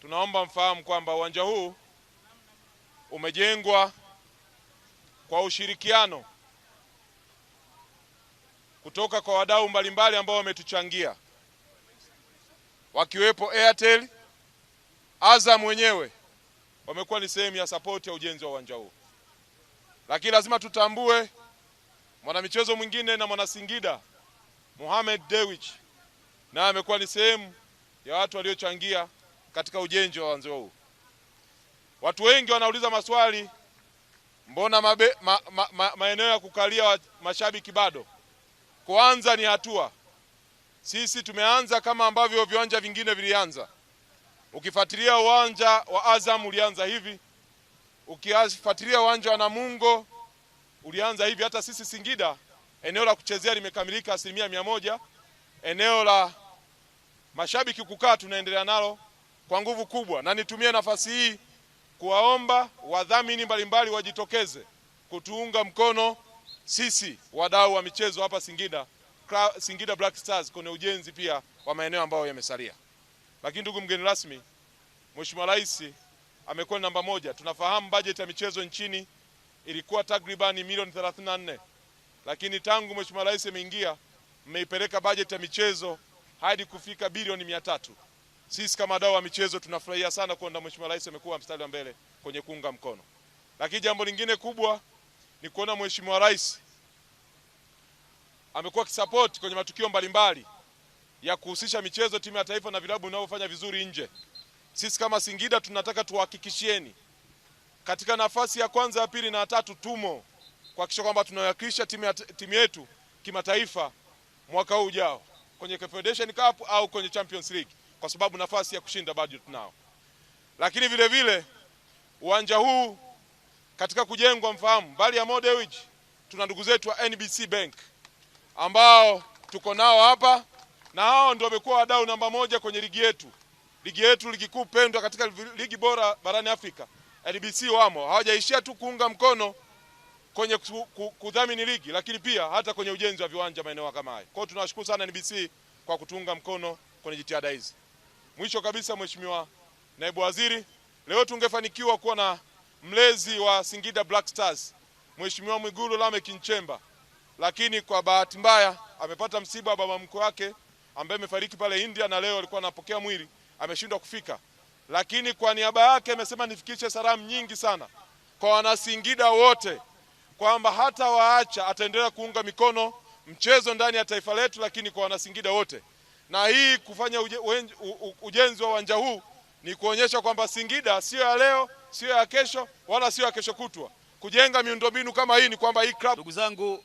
Tunaomba mfahamu kwamba uwanja huu umejengwa kwa ushirikiano kutoka kwa wadau mbalimbali ambao wametuchangia wakiwepo Airtel, Azam wenyewe wamekuwa ni sehemu ya sapoti ya ujenzi wa uwanja huu, lakini lazima tutambue mwanamichezo mwingine na mwanasingida Mohamed Dewich naye amekuwa ni sehemu ya watu waliochangia katika ujenzi wa uwanja huu. Watu wengi wanauliza maswali, mbona mabe, ma, ma, ma, maeneo ya kukalia wa, mashabiki bado? Kwanza ni hatua, sisi tumeanza kama ambavyo viwanja vingine vilianza. Ukifuatilia uwanja wa Azam ulianza hivi, ukifuatilia uwanja wa Namungo ulianza hivi. Hata sisi Singida eneo la kuchezea limekamilika asilimia mia moja. Eneo la mashabiki kukaa tunaendelea nalo kwa nguvu kubwa, na nitumie nafasi hii kuwaomba wadhamini mbalimbali wajitokeze kutuunga mkono sisi wadau wa michezo hapa Singida, Singida Black Stars kwenye ujenzi pia wa maeneo ambayo yamesalia. Lakini ndugu mgeni rasmi, Mheshimiwa Rais amekuwa namba moja. Tunafahamu bajeti ya michezo nchini ilikuwa takribani milioni 34 lakini tangu Mheshimiwa Rais ameingia mmeipeleka bajeti ya michezo hadi kufika bilioni mia tatu. Sisi kama wadau wa michezo tunafurahia sana kuona Mheshimiwa Rais amekuwa mstari wa mbele kwenye kuunga mkono, lakini jambo lingine kubwa ni kuona Mheshimiwa Rais amekuwa kisupport kwenye matukio mbalimbali ya kuhusisha michezo, timu ya taifa na vilabu vinavyofanya vizuri nje. Sisi kama Singida tunataka tuwahakikishieni katika nafasi ya kwanza, ya pili na ya tatu tumo kuhakikisha kwamba tunawakilisha timu, timu yetu kimataifa mwaka huu ujao kwenye Confederation Cup au kwenye Champions League kwa sababu nafasi ya kushinda bado tunao. Lakini vile vile uwanja huu katika kujengwa, mfahamu, mbali ya Modewij tuna ndugu zetu wa NBC Bank ambao tuko nao hapa, na hao ndio wamekuwa wadau namba moja kwenye ligi yetu, ligi yetu, ligi kuu pendwa katika ligi bora barani Afrika. NBC wamo, hawajaishia tu kuunga mkono kwenye kudhamini ligi, lakini pia hata kwenye ujenzi wa viwanja maeneo kama haya. Kwa hiyo tunawashukuru sana NBC kwa kutuunga mkono kwenye jitihada hizi. Mwisho kabisa, Mheshimiwa Naibu Waziri, leo tungefanikiwa kuwa na mlezi wa Singida Black Stars Mheshimiwa Mwigulu Lameck Nchemba, lakini kwa bahati mbaya amepata msiba wa baba mkwe wake ambaye amefariki pale India na leo alikuwa anapokea mwili, ameshindwa kufika, lakini kwa niaba yake amesema nifikishe salamu nyingi sana kwa wanasingida wote kwamba hata waacha ataendelea kuunga mikono mchezo ndani ya taifa letu, lakini kwa wanasingida wote na hii kufanya ujenzi wa uwanja huu ni kuonyesha kwamba Singida siyo ya leo, siyo ya kesho, wala siyo ya kesho kutwa. Kujenga miundombinu kama hii ni kwamba hii club. Ndugu zangu,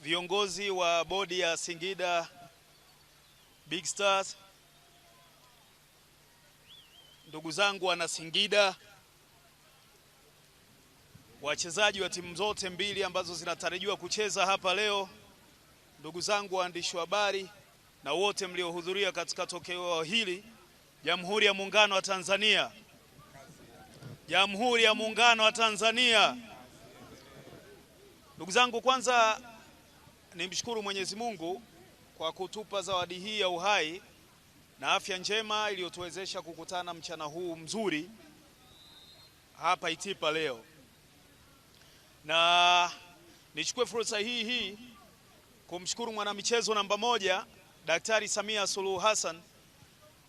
viongozi wa bodi ya Singida Big Stars, ndugu zangu wana Singida, wachezaji wa timu zote mbili ambazo zinatarajiwa kucheza hapa leo, ndugu zangu waandishi wa habari na wote mliohudhuria katika tokeo hili. Jamhuri ya Muungano wa Tanzania, Jamhuri ya Muungano wa Tanzania. Ndugu zangu, kwanza nimshukuru Mwenyezi Mungu kwa kutupa zawadi hii ya uhai na afya njema iliyotuwezesha kukutana mchana huu mzuri hapa Itipa leo, na nichukue fursa hii hii kumshukuru mwanamichezo namba moja Daktari Samia Suluhu Hassan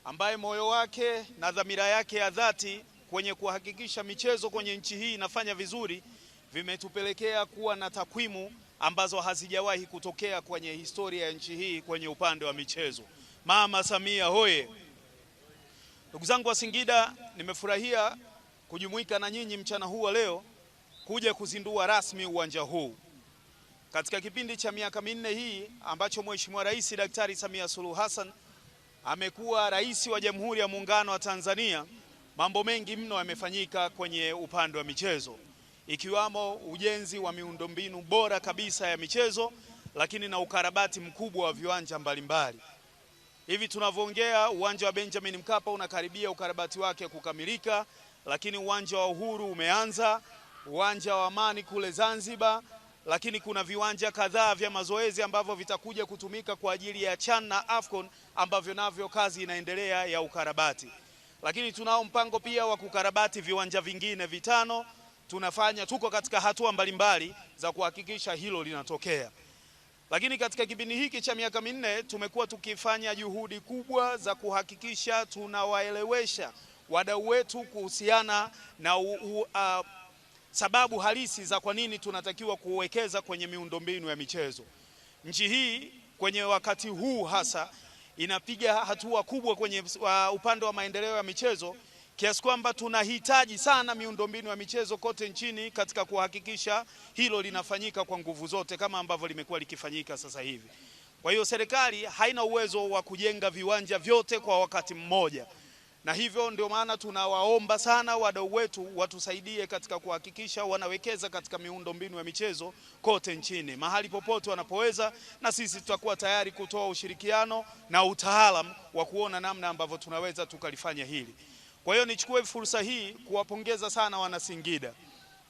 ambaye moyo wake na dhamira yake ya dhati kwenye kuhakikisha michezo kwenye nchi hii inafanya vizuri vimetupelekea kuwa na takwimu ambazo hazijawahi kutokea kwenye historia ya nchi hii kwenye upande wa michezo. Mama Samia hoye! Ndugu zangu wa Singida, nimefurahia kujumuika na nyinyi mchana huu wa leo kuja kuzindua rasmi uwanja huu. Katika kipindi cha miaka minne hii ambacho Mheshimiwa Rais Daktari Samia Suluhu Hassan amekuwa rais wa Jamhuri ya Muungano wa Tanzania, mambo mengi mno yamefanyika kwenye upande wa michezo, ikiwamo ujenzi wa miundombinu bora kabisa ya michezo, lakini na ukarabati mkubwa wa viwanja mbalimbali. Hivi tunavyoongea, uwanja wa Benjamin Mkapa unakaribia ukarabati wake kukamilika, lakini uwanja wa Uhuru umeanza, uwanja wa Amani kule Zanzibar lakini kuna viwanja kadhaa vya mazoezi ambavyo vitakuja kutumika kwa ajili ya CHAN na AFCON ambavyo navyo kazi inaendelea ya ukarabati. Lakini tunao mpango pia wa kukarabati viwanja vingine vitano. Tunafanya, tuko katika hatua mbalimbali za kuhakikisha hilo linatokea. Lakini katika kipindi hiki cha miaka minne tumekuwa tukifanya juhudi kubwa za kuhakikisha tunawaelewesha wadau wetu kuhusiana na u, u, uh, sababu halisi za kwa nini tunatakiwa kuwekeza kwenye miundombinu ya michezo. Nchi hii kwenye wakati huu hasa inapiga hatua kubwa kwenye upande wa maendeleo ya michezo kiasi kwamba tunahitaji sana miundombinu ya michezo kote nchini katika kuhakikisha hilo linafanyika kwa nguvu zote kama ambavyo limekuwa likifanyika sasa hivi. Kwa hiyo serikali haina uwezo wa kujenga viwanja vyote kwa wakati mmoja na hivyo ndio maana tunawaomba sana wadau wetu watusaidie katika kuhakikisha wanawekeza katika miundo mbinu ya michezo kote nchini, mahali popote wanapoweza, na sisi tutakuwa tayari kutoa ushirikiano na utaalamu wa kuona namna ambavyo tunaweza tukalifanya hili. Kwa hiyo nichukue fursa hii kuwapongeza sana wana Singida,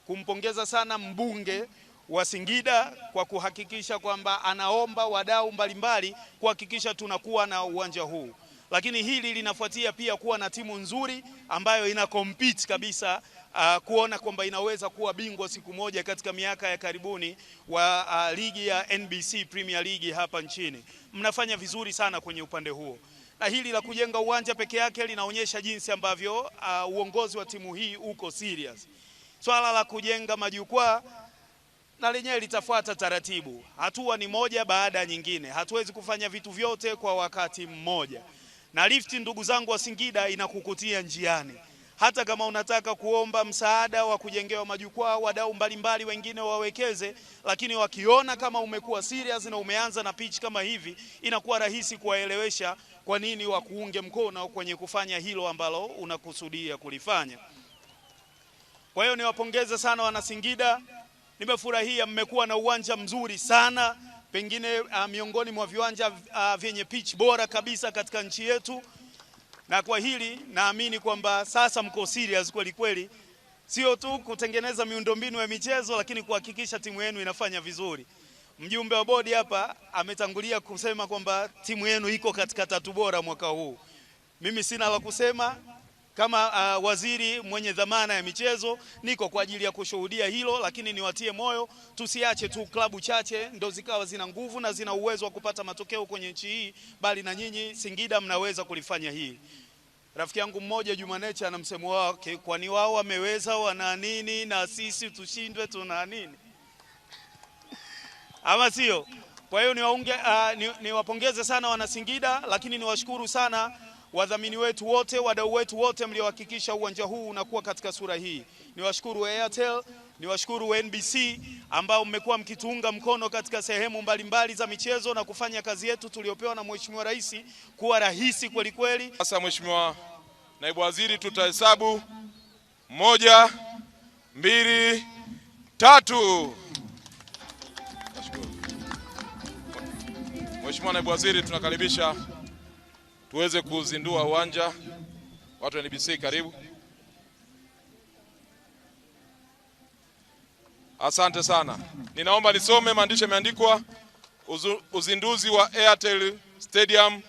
kumpongeza sana mbunge wa Singida kwa kuhakikisha kwamba anaomba wadau mbalimbali kuhakikisha tunakuwa na uwanja huu lakini hili linafuatia pia kuwa na timu nzuri ambayo ina compete kabisa uh, kuona kwamba inaweza kuwa bingwa siku moja katika miaka ya karibuni wa uh, ligi ya NBC Premier League hapa nchini. Mnafanya vizuri sana kwenye upande huo, na hili la kujenga uwanja peke yake linaonyesha jinsi ambavyo uh, uongozi wa timu hii uko serious. Swala la kujenga majukwaa na lenyewe litafuata taratibu, hatua ni moja baada ya nyingine. Hatuwezi kufanya vitu vyote kwa wakati mmoja na lifti, ndugu zangu wa Singida, inakukutia njiani. Hata kama unataka kuomba msaada wa kujengewa majukwaa, wadau mbalimbali wengine wawekeze, lakini wakiona kama umekuwa serious na umeanza na pitch kama hivi, inakuwa rahisi kuwaelewesha kwa nini wakuunge mkono kwenye kufanya hilo ambalo unakusudia kulifanya. Kwa hiyo niwapongeze sana wana Singida, nimefurahia, mmekuwa na uwanja mzuri sana pengine uh, miongoni mwa viwanja uh, vyenye pitch bora kabisa katika nchi yetu, na kwa hili naamini kwamba sasa mko serious kweli kweli, sio tu kutengeneza miundombinu ya michezo, lakini kuhakikisha timu yenu inafanya vizuri. Mjumbe wa bodi hapa ametangulia kusema kwamba timu yenu iko katika tatu bora mwaka huu. Mimi sina la kusema kama uh, waziri mwenye dhamana ya michezo niko kwa ajili ya kushuhudia hilo, lakini niwatie moyo, tusiache tu klabu chache ndo zikawa zina nguvu na zina uwezo wa kupata matokeo kwenye nchi hii, bali na nyinyi Singida mnaweza kulifanya hili. Rafiki yangu mmoja Jumanecha ana msemo wake, kwani wao wameweza wana nini na sisi tushindwe tuna nini? Ama sio? Kwa hiyo niwaunge uh, niwapongeze sana wana Singida, lakini niwashukuru sana wadhamini wetu wote, wadau wetu wote mliohakikisha uwanja huu unakuwa katika sura hii. Niwashukuru Airtel, niwashukuru NBC ambao mmekuwa mkituunga mkono katika sehemu mbalimbali za michezo na kufanya kazi yetu tuliopewa na Mheshimiwa Rais kuwa rahisi kweli kweli. Sasa Mheshimiwa Naibu Waziri, tutahesabu moja, mbili, tatu. Mheshimiwa Naibu Waziri, tunakaribisha tuweze kuzindua uwanja. Watu wa NBC karibu. Asante sana. Ninaomba nisome maandishi yameandikwa uzinduzi wa Airtel Stadium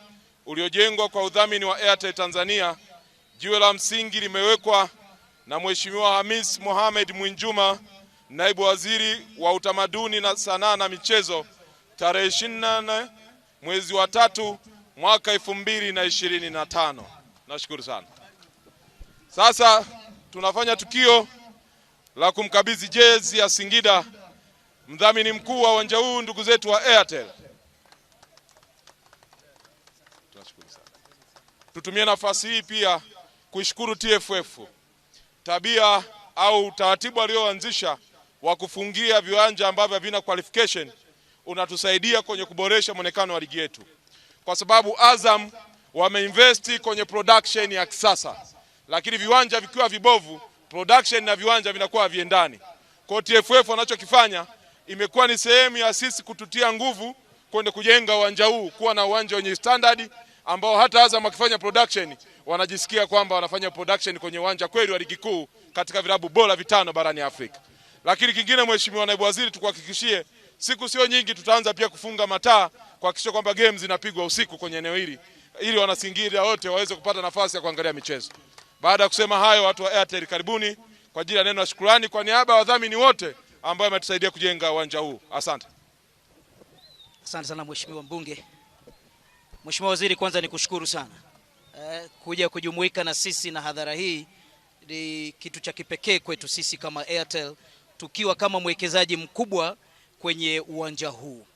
uliojengwa kwa udhamini wa Airtel Tanzania. Jiwe la msingi limewekwa na Mheshimiwa Hamis Mohamed Mwinjuma, naibu waziri wa utamaduni na sanaa na michezo, tarehe 24 mwezi wa tatu mwaka elfu mbili na ishirini na tano. Nashukuru sana. Sasa tunafanya tukio la kumkabidhi jezi ya Singida mdhamini mkuu wa uwanja huu ndugu zetu wa Airtel. Tunashukuru sana. Tutumie nafasi hii pia kuishukuru TFF tabia au utaratibu alioanzisha wa kufungia viwanja ambavyo havina qualification unatusaidia kwenye kuboresha mwonekano wa ligi yetu kwa sababu Azam wameinvesti kwenye production ya kisasa, lakini viwanja vikiwa vibovu, production na viwanja vinakuwa haviendani. Kwa TFF wanachokifanya imekuwa ni sehemu ya sisi kututia nguvu kwenda kujenga uwanja huu kuwa na uwanja wenye standard ambao hata Azam wakifanya production wanajisikia kwamba wanafanya production kwenye uwanja kweli wa ligi kuu katika vilabu bora vitano barani Afrika. Lakini kingine, Mheshimiwa Naibu Waziri, tukuhakikishie siku sio nyingi, tutaanza pia kufunga mataa kuhakikisha kwamba games zinapigwa usiku kwenye eneo hili ili wanasingira wote waweze kupata nafasi ya kuangalia michezo. Baada ya kusema hayo, watu wa Airtel karibuni kwa ajili ya neno la shukrani kwa niaba ya wadhamini wote ambao wametusaidia kujenga uwanja huu. Asante, asante sana mheshimiwa mbunge. Mheshimiwa Waziri, kwanza ni kushukuru sana e, kuja kujumuika na sisi na hadhara hii ni kitu cha kipekee kwetu sisi kama Airtel tukiwa kama mwekezaji mkubwa kwenye uwanja huu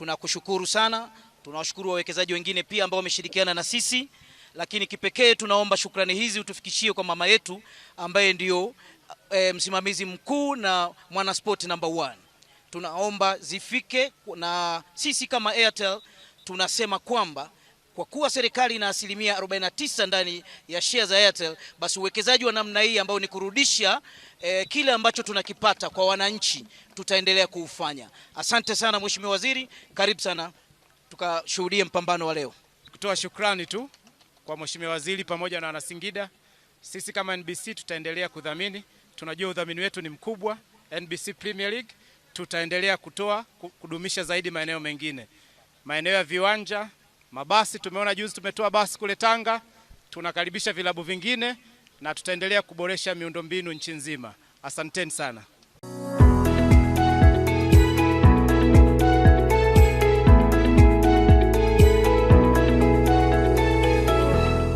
tunakushukuru sana. Tunawashukuru wawekezaji wengine pia ambao wameshirikiana na sisi, lakini kipekee tunaomba shukrani hizi utufikishie kwa mama yetu ambaye ndiyo e, eh, msimamizi mkuu na mwanaspoti number one. Tunaomba zifike na sisi kama Airtel tunasema kwamba kwa kuwa serikali ina asilimia 49 ndani ya share za Airtel, basi uwekezaji wa namna hii ambao ni kurudisha eh, kile ambacho tunakipata kwa wananchi tutaendelea kuufanya. Asante sana Mheshimiwa Waziri, karibu sana tukashuhudie mpambano wa leo. Kutoa shukrani tu kwa Mheshimiwa Waziri pamoja na wanasingida. Sisi kama NBC tutaendelea kudhamini, tunajua udhamini wetu ni mkubwa. NBC Premier League tutaendelea kutoa kudumisha zaidi maeneo mengine, maeneo ya viwanja Mabasi tumeona juzi, tumetoa basi kule Tanga, tunakaribisha vilabu vingine na tutaendelea kuboresha miundombinu nchi nzima. Asanteni sana.